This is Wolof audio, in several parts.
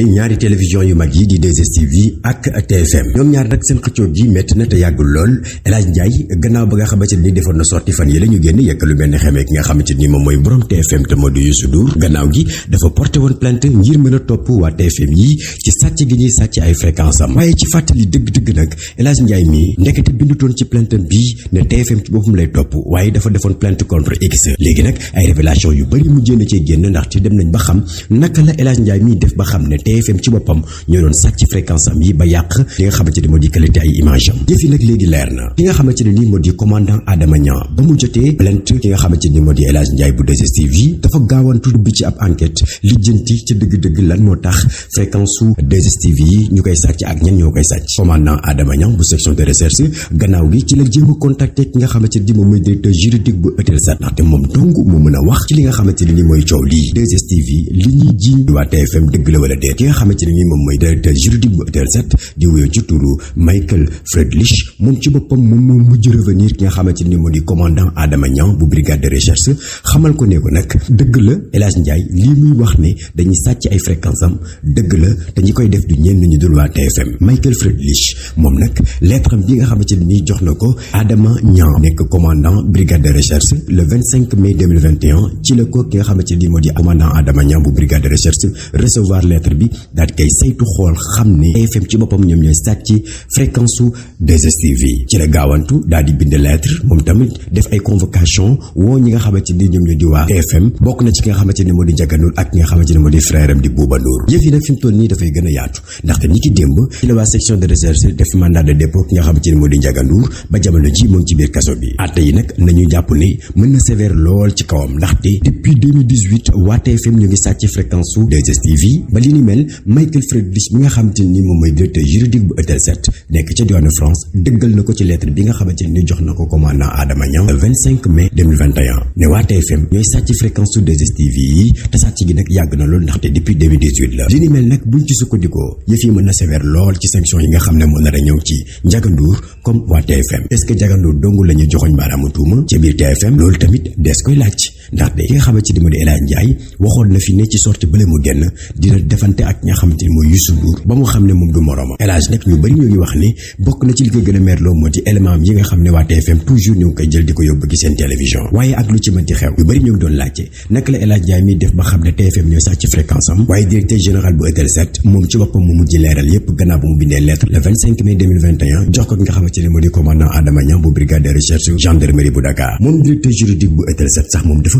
diggante ñaari télévision yu mag yi di 2STV ak TFM ñoom ñaar nag seen xëccoo gi métti na te yàggul lool El Hadj Ndiaye gannaaw ba nga xamante ni defoon na sorti fan yi la génn yekk lu mel ne xamee ki nga xamante ni di Youssou a topp waa TFM yi ci bi ne TFM ci boppam lay topp waaye dafa defoon plainte contre X léegi nañ ba xam naka la El Hadj Ndiaye mii def ba xam ne TFM ci boppam ñoo doon sàcc fréquence yi ba yàq li nga xamante ne moo di qualité ay léegi leer na li nga xamante ne nii moo di commandant Adama Niang ba nga xamante ne moo di El Hadj Ndiaye bu 2STV dafa gaawantu dugg ci ab enquête lijjanti ca dëgg-dëgg lan moo tax fréquence su 2STV yi ñu koy sàcc ak ñan ñoo koy sàcc commandant Adama Niang bu section de recherche gannaaw gi ci la jéem a ki nga xamante ne moom mooy directeur juridique bu Eutelsat ndaxte moom dong moo mën a wax ci li nga xamante ne nii mooy coow lii 2STV li ñuy jiiñ waa TFM dëgg la wala déet ki nga xamante ni mom moy mooy directeur juridique bu di wuyoo ci turu Michael Fredlich, mom ci bopam moom moo mujj revenir ki nga xamante ne di commandant Adama Niang bu brigade de recherche xamal ko ne ko nag dëgg la El Ndiaye li muy wax ne dañuy sàcc ay fréquence am dëgg la te ñi koy def du ñenn ñu dul waa TFM Michael Fredlich, mom nak lettre bi nga xamante ne nii jox Adama Niang nek commandant brigade de recherche le 25 mai 2021 ci le ko ki nga xamante ne di commandant Adama Niang bu brigade de recherche recevoir lettre bi dat kay saytu xool xam ne FM ci boppam ñoom ñooy sàcc fréquence des 2STV ci la gawantu daal di bind lettre mom tamit def ay convocation wo ñi nga xamanteni ni ñoom ñoo di wa FM bokk na ci nga xamanteni ne moo di njaganul ak nga xamanteni ne di frère am di Bouba Ndour yëf yi nag fi mu toll nii dafay gën a yaatu ndaxte ni ki demb ci la waa section de recherche def mandat de dépôt nga xamanteni ne moo di njaganduur ba jamono ji moom ci biir kasso bi atay nak nañu japp ni mëna sévère lool ci kawam ndaxte depuis 2018 waa TFM ñu ngi sàcc fréquence des 2STV ba li ni mel Hôtel Michael Friedrich mi nga xamante ni moom mooy directeur juridique bu Hôtel 7 nekk ca diwaanu France dëggal na ko ci lettre bi nga xamante ni jox na ko commandant Adama Niang le 25 mai 2021 ne waa TFM ñooy sàcc fréquence su 2 yi te sàcc gi nag yàgg na loolu ndaxte depuis 2018 la li ni mel nag buñ ci sukkandikoo yëf yi mën na sévère lool ci sanction yi nga xam ne moo nar a ñëw ci njaganduur comme waa TFM est-ce njaganduur dong la ñuy joxoñ baaraamu tuuma ca biir TFM loolu tamit des ndaxte ki nga xamante ni moo di El Hadj Ndiaye waxoon na fi ne ci sorti bële mu xam ne moom du moroomam El Hadj nag ñu bëri ñu ngi wax ni na ci li a merloo moo di élément ko yóbbu ci seen télévision waaye ak lu ci mënti ne TFM ñooy sax ci fréquence am waaye directeur général bu Etel ne moo di commandant Adama Niang bu brigade recherche gendarmerie bu Dakar moom directeur juridique bu Etel sax moom dafa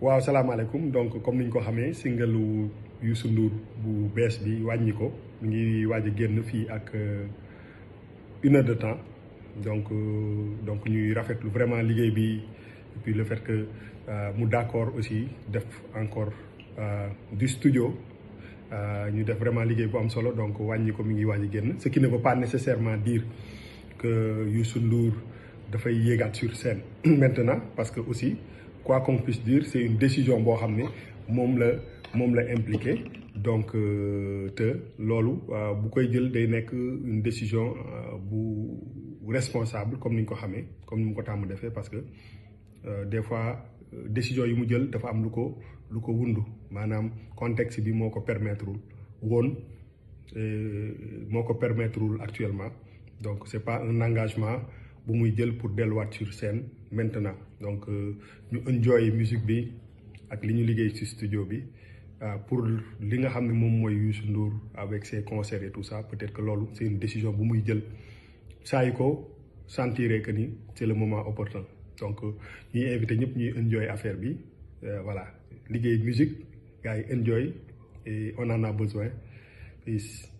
waaw alaikum donc comme niñ ko xamee singalu Youssou Ndour bu bees bi wàññi ko mu ngi waaj a génn euh, une heure de temps donc euh, donc ñuy vraiment liggéey bi et puis le fait que euh, mu d'accord aussi def encore du studio Nous def vraiment liggéey bu am solo donc wàññi ko mi ngi ce qui ne veut pas nécessairement dire que Youssou Ndour dafay yéegaat sur scène maintenant parce que aussi quoi qu'on puisse dire c'est une décision boo xam mom la impliqué donc euh, te loolu euh, bu koy une décision euh, bu responsable comme nous le ko comme nous mu ko parce que des fois décision yi mu jël dafa am lu ko lu ko contexte bi moo permet. permettre woon moo permettre actuellement donc c'est pas un engagement bu muy jël pour delluwaat sur scène maintenant donc euh, ñu enjoy musique bi ak li ñu liggéey ci studio bi euh, pour li nga xam ne moom mooy Youssou Ndour avec ses concerts et tout ça peut-être que loolu c'est une décision bu muy jël saa yu ko sentiré que ni c'est le moment opportun donc euh, ñuy invité ñëpp ñuy enjoy affaire bi voilà liggéey musique gars yi enjoy et on en a besoin peace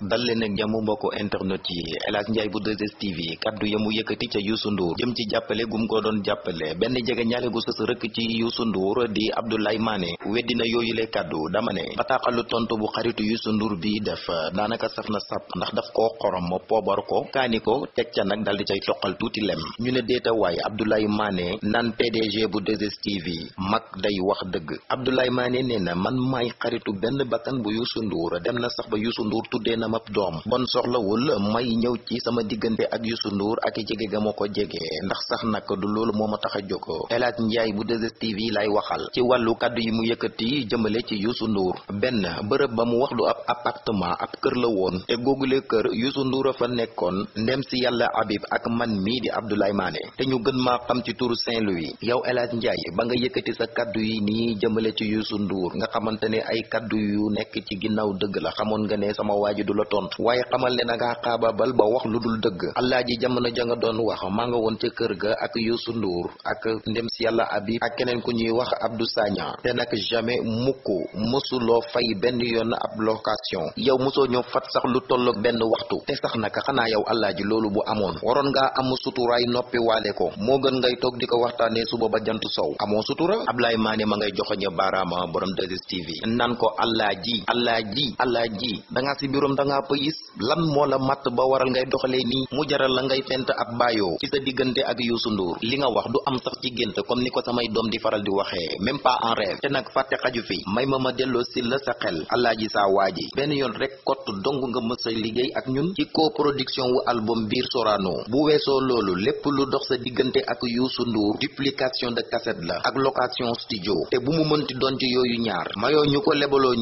dal leen ak jàmm mbokku internet yi El Hadj bu 2STV kaddu yamu yëkkati ca Youssou Ndour jëm ci jàppale gum ko doon jàppale benn gu ci Ndour di Abdoulaye Mané wedi na yo yile kaddu dama bata bataaxalu tontu bu xaritu Youssou Ndour bi def daanaka saf na sap ndax daf koo xorom poobar ko kaani ko teg ca nag dal di cay toqal tuuti lem ñu ne déeta waaye Abdoulaye Mané naan PDG bu 2STV mag day wax dëgg Abdoulaye Mané nee na man xaritu benn bu Youssou Ndour dem na sax ba Ndour kanamab dom bon soxlawul may ñew ci sama diggante ak Youssou nur ak jege ga moko jégé ndax sax nak du loolu moma taxa joko elat njaay bu 2 tv lay waxal ci walu kaddu yi mu yëkëti jëmele ci Youssou nur ben bërepp ba mu wax du ab appartement ab kër la woon té gogulé kër Youssou nur fa nekkon ndem ci yalla Habib ak man mi di abdoulay Mané té ñu gën ma xam ci turu Saint-Louis yow elat njaay ba nga yëkëti sa kaddu yi ni jëmele ci Youssou nur nga xamantene ay kaddu yu nekk ci ginnaw deug la xamone nga ne sama waji du la tont waye xamal le nga xaba bal ba wax lu deug allah ji jamono ja nga doon wax ma nga won ci keur ga ak yusu Ndour ak ndem ci yalla Habib ak kenen ku ñuy wax Abdou Sagna te nak jamais mukk mësuloo fay ben yon ab location yow muso ñoo fat sax lu toll ben waxtu te sax nak xana yow allah ji lolu bu amone waron nga am suturaay nopi walé ko mo gën ngay tok di waxtane su bo ba jant saw amo sutura ablay Mané ma ngay joxoñe barama borom de tv nan ko allah ji allah ji allah ji da nga si biiram da nga is lan mo la mat ba waral ngay doxale ni mu jaral la ngay fent ak bayo ci sa diggante ak yusu Ndour li nga wax du am sax ci gént comme niko samay dom di faral di waxee même pas en rêve te nak xaju fi may ma ma delloo la sa xel ji sa waji ben yon rek kott dong nga mësa liggéey ak ñun ci coproduction wu album bir Sorano bu weesoo lolu lepp lu dox sa diggante ak yusu Ndour duplication de cassette la ak location studio te bu mu mënti don ci yoyu ñaar mayo ñuko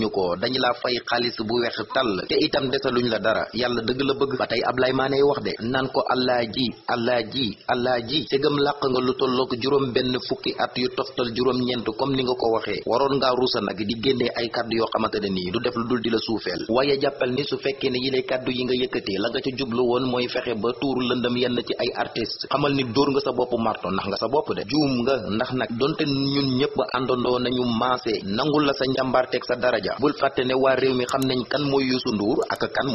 ñuko dañ la fay xaliss bu weex tal te itam detaluñ la dara yalla deug la bëgg batay ablay mané wax dé nan ko allah ji allah ji allah ji gëm laq nga lu tollok juroom benn fukki at yu toftal juroom ñent comme ni nga ko waxé waron nga rusa nak di génnee ay kaddu yo xamanté ni du def lu dul di la suufeel waya jappel ni su fekké ni yilé kaddu yi nga yëkëté la nga ci jublu won moy fexé ba touru lëndëm yenn ci ay artiste xamal ni door nga sa bop marto ndax nga sa bop de joom nga ndax nak donte ñun ñëpp andondo nañu maase nangul la sa tek sa daraja bul fàtte ne wa réew mi xam nañ kan moy yusu ndur ak Can muối